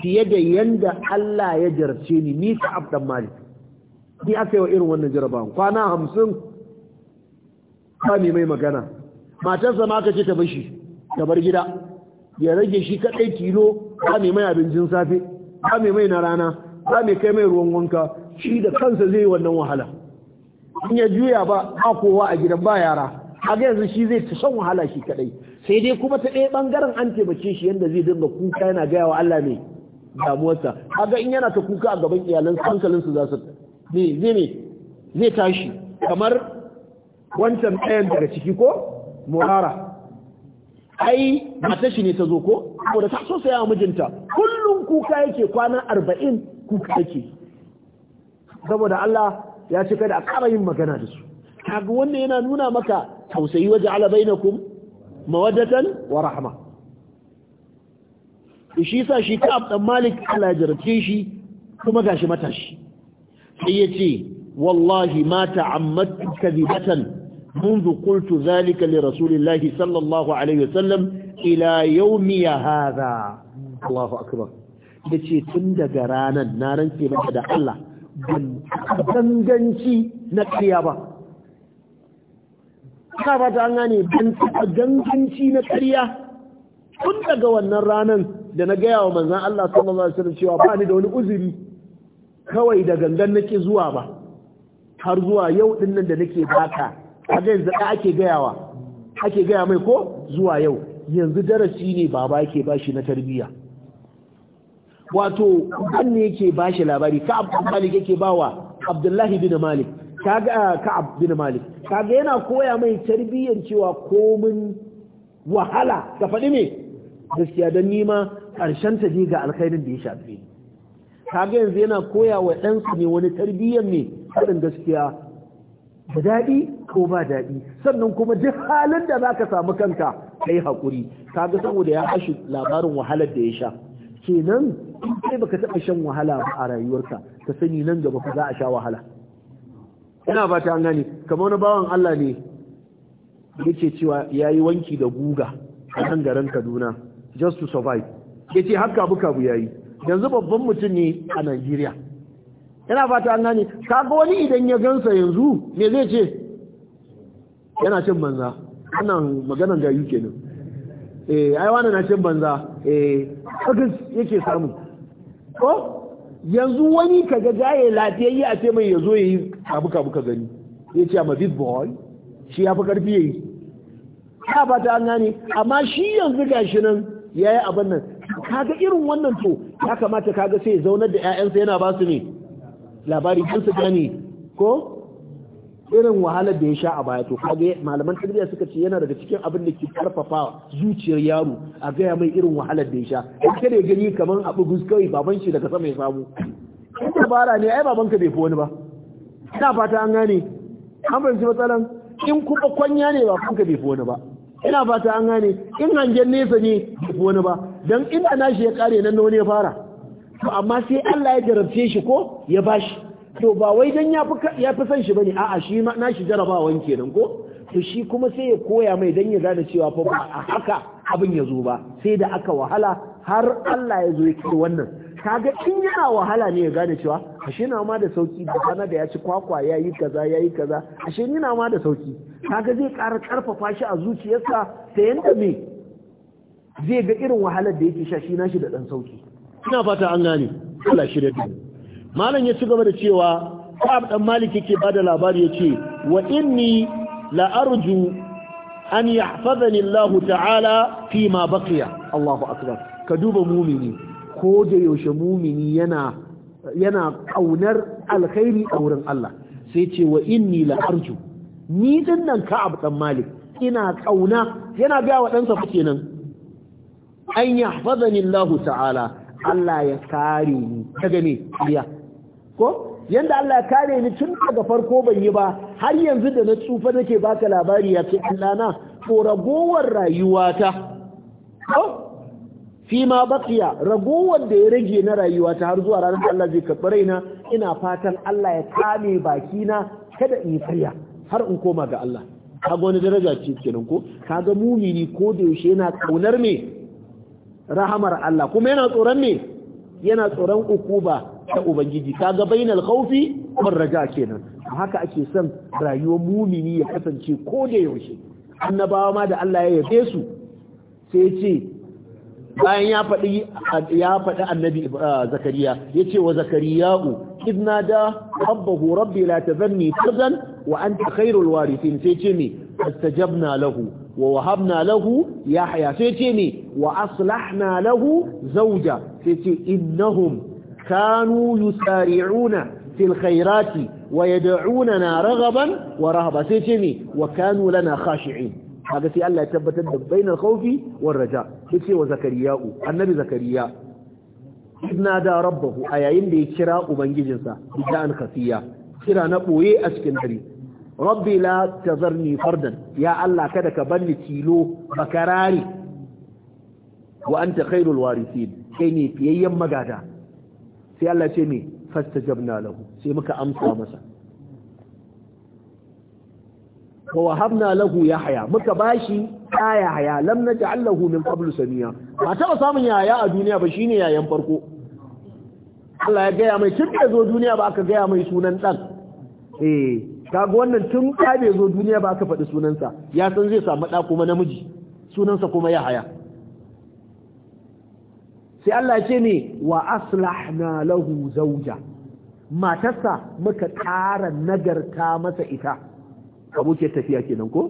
fiye da yanda Allah ya jarce ni ni ka abdan mali. ni aka yi wa irin wannan jaraba kwana hamsin ba ne mai magana matarsa ma aka ce ta bashi ta bar gida ya rage shi kaɗai kilo ba ne mai abincin safe ba mai mai na rana ba mai kai mai ruwan wanka shi da kansa zai yi wannan wahala in ya juya ba ba kowa a gidan ba yara a ga yanzu shi zai ta shan wahala shi kadai sai dai kuma ta ɗaya bangaren an taimake shi yadda zai dinga kuka yana gaya wa Allah ne damuwarsa ga in yana ta kuka a gaban iyalan hankalinsu za su ne zai ne zai tashi kamar wancan ɗayan daga ciki ko murara ai mata shi ne ta zo ko saboda ta so saya mijinta kullum kuka yake kwana arba'in kuka yake saboda Allah ya ce kada a ƙara yin magana da su kaga wannan yana nuna maka tausayi waje ala bainakum mawaddatan wa rahma shi sa shi ka dan malik Allah jarabce shi kuma gashi matashi sai yace wallahi ma ta'ammadtu kadhibatan منذ قلت ذلك لرسول الله صلى الله عليه وسلم إلى يومي هذا الله أكبر yace tun daga ranar na rance maka da Allah ban ganganci na karya ba ka ba ta gane ban ganganci na daga wannan ranar da na gaya wa manzan Allah sallallahu alaihi wasallam cewa ba ni da wani uzuri kawai da gangan nake zuwa ba har zuwa yau din nan da nake baka kaga yanzu da ake gayawa ake gaya mai ko zuwa yau yanzu darasi ne baba yake bashi na tarbiyya wato ban ne yake bashi labari ka'ab bin malik yake bawa abdullahi bin malik kaga ah, ka'ab bin malik kaga yana koya mai tarbiyyar cewa komin wahala ka faɗi ne gaskiya don nima ƙarshen ta je ga alkhairin da ya shafe kaga yanzu yana koya wa ɗansa ne wani tarbiyyar ne haɗin gaskiya da daɗi ko ba daɗi sannan kuma duk halin da za ka samu kanka ka yi haƙuri kaga saboda ya hashi labarin wahalar da ya sha kenan in kai baka taɓa shan wahala ba a rayuwarka ka sani nan gaba ka za a sha wahala ina ba ta gane kamar wani bawan Allah ne yake cewa ya yi wanki da guga a nan garin Kaduna just to survive yace haka buka bu yayi yanzu babban mutum ne a Najeriya yana fata an gane kaga wani idan ya gansa yanzu me zai ce yana cin banza wannan maganan gayu kenan eh ai wani na cin banza eh kagas yake samu ko yanzu wani kaga jaye lafiyayye a ce mai yazo yayi abu kabu ka gani yace I'm a big boy shi ya fi karfi yayi ya fata an gane amma shi yanzu gashi nan yayi abin nan kaga irin wannan to ya kamata kaga sai ya zaunar da ƴaƴansa yana ba su ne labari don su gane ko irin wahalar da ya sha a baya to kage malaman tarbiyya suka ce yana daga cikin abin da ke karfafa zuciyar yaro a gaya mai irin wahalar da ya sha kada ne gani kaman abu kawai baban shi daga sama ya samu in fara ne ai babanka bai fi wani ba ina fata an gane an fahimci matsalan in kuma kwanya ne babanka bai fi wani ba ina fata an gane in hangen nesa ne bai fi wani ba dan ina nashi ya kare nan na wani ya fara to amma sai Allah ya jarabce shi ko ya bashi to ba wai dan ya fi ya fi san shi bane a'a shi ma na shi jarabawan kenan ko to shi kuma sai ya koya mai dan ya gane cewa fa ba haka abin ya zo ba sai da aka wahala har Allah ya zo ya kiro wannan kaga in yana wahala ne ya gane cewa ashe na ma da sauki da kana da ya ci kwakwa ya yi kaza ya yi kaza ashe yana ma da sauki kaga zai ƙara karfafa shi a zuciyarsa ta yanda me zai ga irin wahalar da yake sha shi nashi da ɗan sauki ina fata an gane Allah shirya da malam ya ci gaba da cewa Ka'ab dan Malik yake bada labari yace wa inni la arju an yahfazani Allah ta'ala fi ma baqiya Allahu akbar ka duba mumini ko da yaushe mumini yana yana kaunar alkhairi a wurin Allah sai ce wa inni la arju ni din nan Ka'ab dan Malik ina kauna yana ga wa ɗansa sa kenan an yahfazani Allah ta'ala Allah ya kare ni daga ne iya ko yanda Allah ya kare ni tun daga farko ban yi ba har yanzu da na tsufa nake baka labari ya ce Allah na ko ragowar rayuwata ko fi ma baqiya ragowar da ya rage na rayuwata har zuwa ranar Allah zai karɓi raina ina fatan Allah ya kame bakina kada in farya har in koma ga Allah kaga wani daraja ce kenan ko kaga mumini ko da yaushe yana kaunar me rahamar Allah kuma yana tsoron me yana tsoron ukuba ta ubangiji kaga bainal khawfi war raja kenan haka ake son rayuwar mumini ya kasance ko da yaushe annabawa ma da Allah ya yabe su sai ya ce bayan ya faɗi ya faɗi annabi ah, zakariya ya ce wa zakariya'u idna da rabbahu rabbi la tazanni fardan wa anta khairul warithin sai ce me fastajabna lahu wa wahabna lahu yahya sai ce ne wa aslahna lahu zawja sai ce innahum kanu yusari'una fil khairati wa yad'unana raghaban wa rahaba sai ce ne wa kanu lana khashi'in kaga sai Allah ya tabbatar da bainal khawfi war raja yace zakariya'u annabi zakariya idna da rabbahu a yayin da ya kira ubangijinsa idan kasiya kira na ɓoye a cikin dare rabbi la tazarni fardan ya Allah kada ka banni tilo makarari wa anta khairul warithin kai ne fiyayyen magada sai Allah ce me fastajabna lahu sai muka amsa masa wa wahabna lahu yahya muka bashi ta yahya lam naj'al lahu min qablu samiya ba taba samun yaya a duniya ba shine yayan farko Allah ya gaya mai tun da zo duniya ba aka gaya mai sunan dan eh kaga wannan tun ka bai zo duniya ba aka faɗi sunansa ya san zai samu ɗa kuma namiji sunansa kuma ya haya sai Allah ce ne wa aslahna lahu zauja matarsa muka ƙara nagarta masa ita abokiyar tafiya kenan ko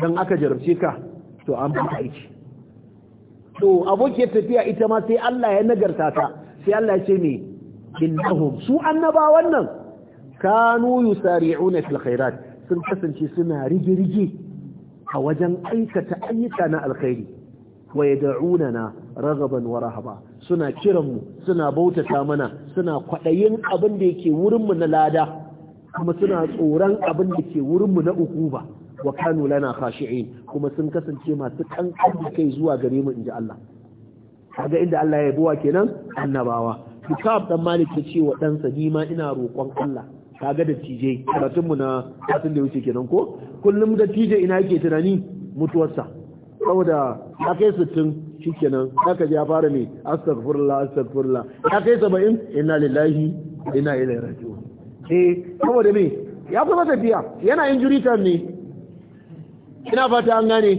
dan aka jarabce ka to an ba aiki to abokiyar tafiya ita ma sai Allah ya nagarta ta sai Allah ya ce ne innahum su annabawan wannan? kanu yusari'una fil khairat sun kasance suna rige a wajen aikata ayyuka na alkhairi wa na ragaban wa rahaba suna kiranmu suna bautata mana suna kwadayin abin da yake wurin mu na lada kuma suna tsoron abin da ke wurin mu na ukuba wa kanu lana khashi'in kuma sun kasance masu kankan kai zuwa gare mu inji Allah kaga inda Allah ya yabuwa kenan annabawa kitab dan malik ya ce wa dan sadima ina roƙon Allah kaga da tije karatunmu na katin da wuce kenan ko kullum da tije ina yake tunani mutuwarsa saboda ya kai sittin shi kenan haka ya fara ne astaghfirullah astaghfirullah ya kai saba'in ina lillahi ina ilaihi raji'un eh saboda me ya kuma tafiya yana injury time ne ina fata an gane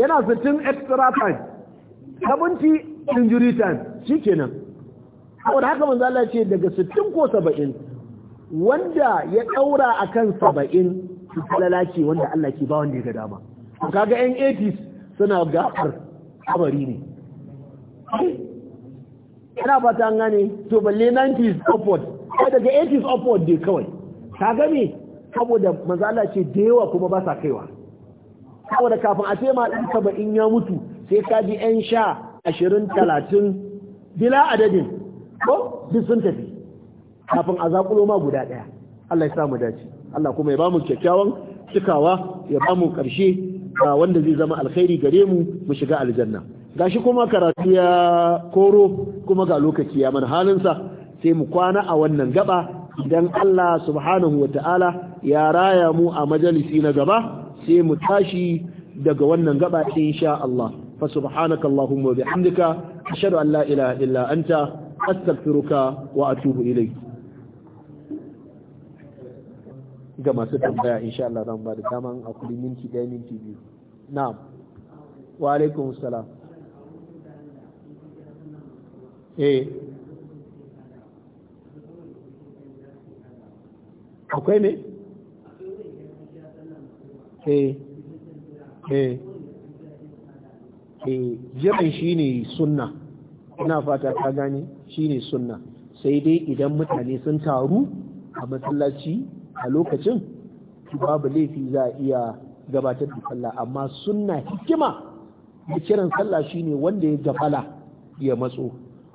yana sittin extra time 70 injury time shi kenan saboda haka manzo Allah ce daga sittin ko saba'in. wanda ya ɗaura a kan saba'in falala ce wanda Allah ke ba wanda ya ga dama kaga yan 80 suna gafar kabari ne Yana fata an gane to balle 90s upward kai daga 80s upward dai kawai kaga me saboda maza Allah ce da yawa kuma ba sa kaiwa saboda kafin a ce ma ɗan saba'in ya mutu sai ka ji yan sha ashirin talatin bila adadin ko duk sun tafi kafin a zakulo ma guda ɗaya Allah ya sa mu dace Allah kuma ya bamu kyakkyawan cikawa ya bamu karshe wanda zai zama alkhairi gare mu mu shiga aljanna gashi kuma karatu ya koro kuma ga lokaci ya mana halinsa sai mu kwana a wannan gaba idan Allah subhanahu wa ta'ala ya raya mu a majalisi na gaba sai mu tashi daga wannan gaba insha Allah fa subhanaka allahumma bihamdika ashhadu an la ilaha illa anta astaghfiruka wa atubu ilayk ga masu tambaya insha Allah zan ba da daman kudi minti ɗaya minti biyu na wa alaikum sala eh akwai ne eh eh eh jiran ne sunna ina fata gani gane ne sunna sai dai idan mutane sun taru a masallaci a lokacin babu laifi za a iya gabatar da sallah amma sunna hikima da kiran sallah shine wanda ya gafala ya matso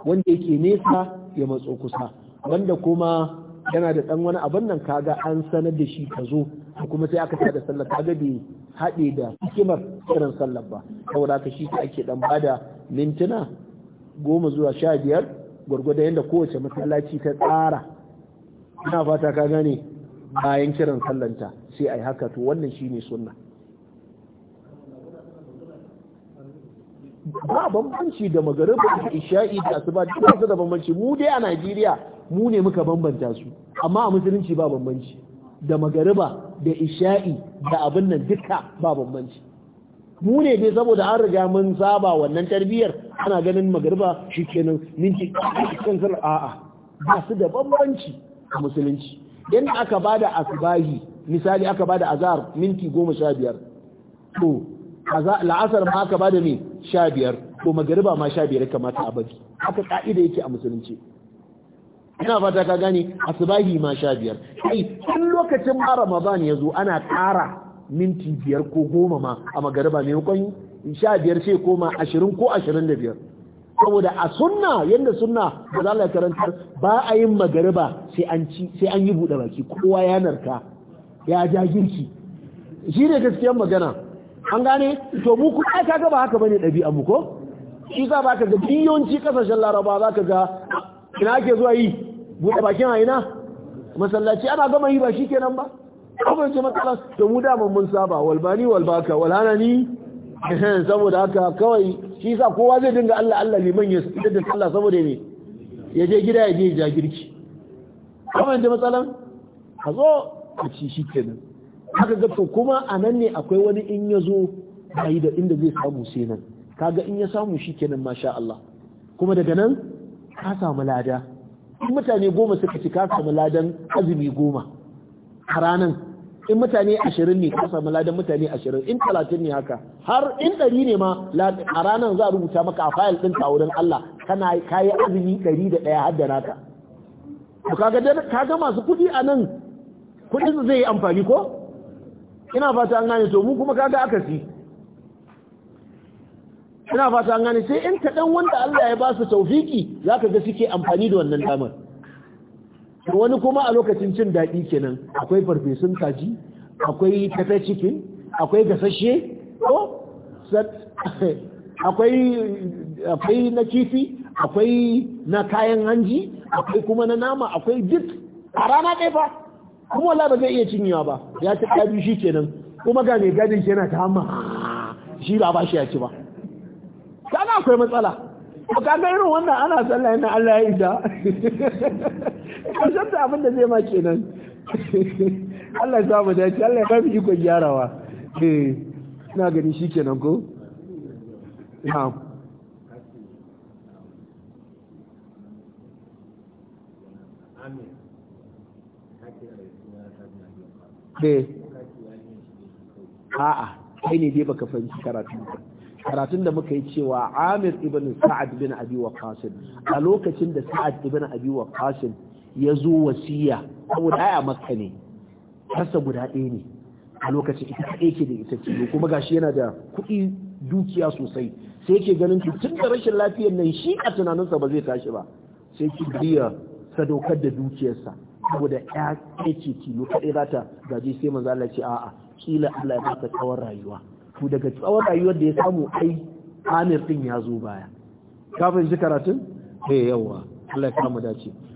wanda yake nesa ya matso kusa wanda kuma yana da dan wani abin nan kaga an sanar da shi ka zo kuma sai aka tada sallah kaga bai haɗe da hikimar kiran sallah ba saboda haka shi ake dan bada mintuna goma zuwa sha biyar gwargwadon yadda kowace masallaci ta tsara ina fata ka gane bayan kiran sallanta sai a yi haka to wannan shine sunna ba bambanci da magariba da isha'i da asuba duk su da bambanci mu dai a Najeriya mu ne muka bambanta su amma a musulunci ba bambanci da magariba da isha'i da abin nan duka ba bambanci mu ne dai saboda an riga mun saba wannan tarbiyyar ana ganin magariba kenan minti kan a'a ba su da bambanci a musulunci in aka bada asbahi misali aka bada azar minti goma sha biyar to la'asar ma aka bada me sha biyar to magariba ma sha biyar kamata a baki haka ka'ida yake a musulunci ina fata ka gane asbahi ma sha biyar kai tun lokacin ma ramadan ya zo ana ƙara minti biyar ko goma ma a magariba maimakon sha biyar sai koma ashirin ko ashirin da biyar saboda a sunna yadda sunna ba za a karantar ba a yin magariba sai an yi buɗe baki kowa yanar ka ya ja girki shi ne gaskiyar magana an gane to mu kuma ka ga ba haka bane ɗabi'a mu ko shi za ba ka ga biyonci ƙasashen laraba za ka ga ina ake zuwa yi buɗe bakin a ina masallaci ana gama yi ba shi kenan ba kuma ce matsala to mu mun saba walbani walbaka walhanani saboda haka kawai shi sa kowa zai dinga Allah Allah liman ya fitar da Allah saboda ne ya je gida ya je ya girki kuma inda matsalan ka zo ka ci shi kenan haka ga to kuma a nan ne akwai wani in ya zo bai da inda zai samu sai nan kaga in ya samu shi kenan masha Allah kuma daga nan ka samu lada mutane goma suka ci ka samu ladan azumi goma a ranan in mutane ashirin ne ka samu ladan mutane ashirin in talatin ne haka har in ɗari ne ma a ranar za a rubuta maka a fayil ɗin wurin Allah kana kayi azumi ɗari da ɗaya har da naka ka ga masu kuɗi a nan kuɗin zai yi amfani ko ina fata an gane to mu kuma kaga akasi ina fata an gane sai in ɗan wanda Allah ya ba su taufiki za ka ga suke amfani da wannan damar wani kuma a lokacin cin daɗi kenan akwai farfesun kaji akwai pepper cikin akwai gasashe ko akwai na kifi akwai na kayan hanji akwai kuma na nama akwai duk a rana ɗaya ba kuma wala ba zai iya cinyewa ba ya ta ɗabi shi kenan kuma ga mai gadin yana ta hama shi ba ba shi ya ci ba kana akwai matsala ka ga irin wannan ana sallah yana Allah ya isa kusan da abin da zai ma kenan Allah ya mu dace Allah ya ba mu ikon gyarawa eh ina gani shikenan ko na'am Eh. A'a, kai ne dai baka fahimci karatun ba. Karatun da muka yi cewa Amir ibn Sa'ad bin Abi Waqqas a lokacin da Sa'ad ibn Abi Waqqas ya zo wasiya saboda aya makka ne harsa guda ɗaya ne a lokacin ita ka ke da ita ce kuma gashi yana da kuɗi dukiya sosai sai yake ganin tun da rashin lafiyar nan shi a tunaninsa ba zai tashi ba sai ki biya sadaukar da dukiyarsa saboda ya ce lo kaɗai za ta gaji sai maza Allah ce a'a kila Allah ya baka tsawon rayuwa to daga tsawon rayuwar da ya samu ai amir din ya zo baya kafin ji karatun eh yawa Allah ya kama dace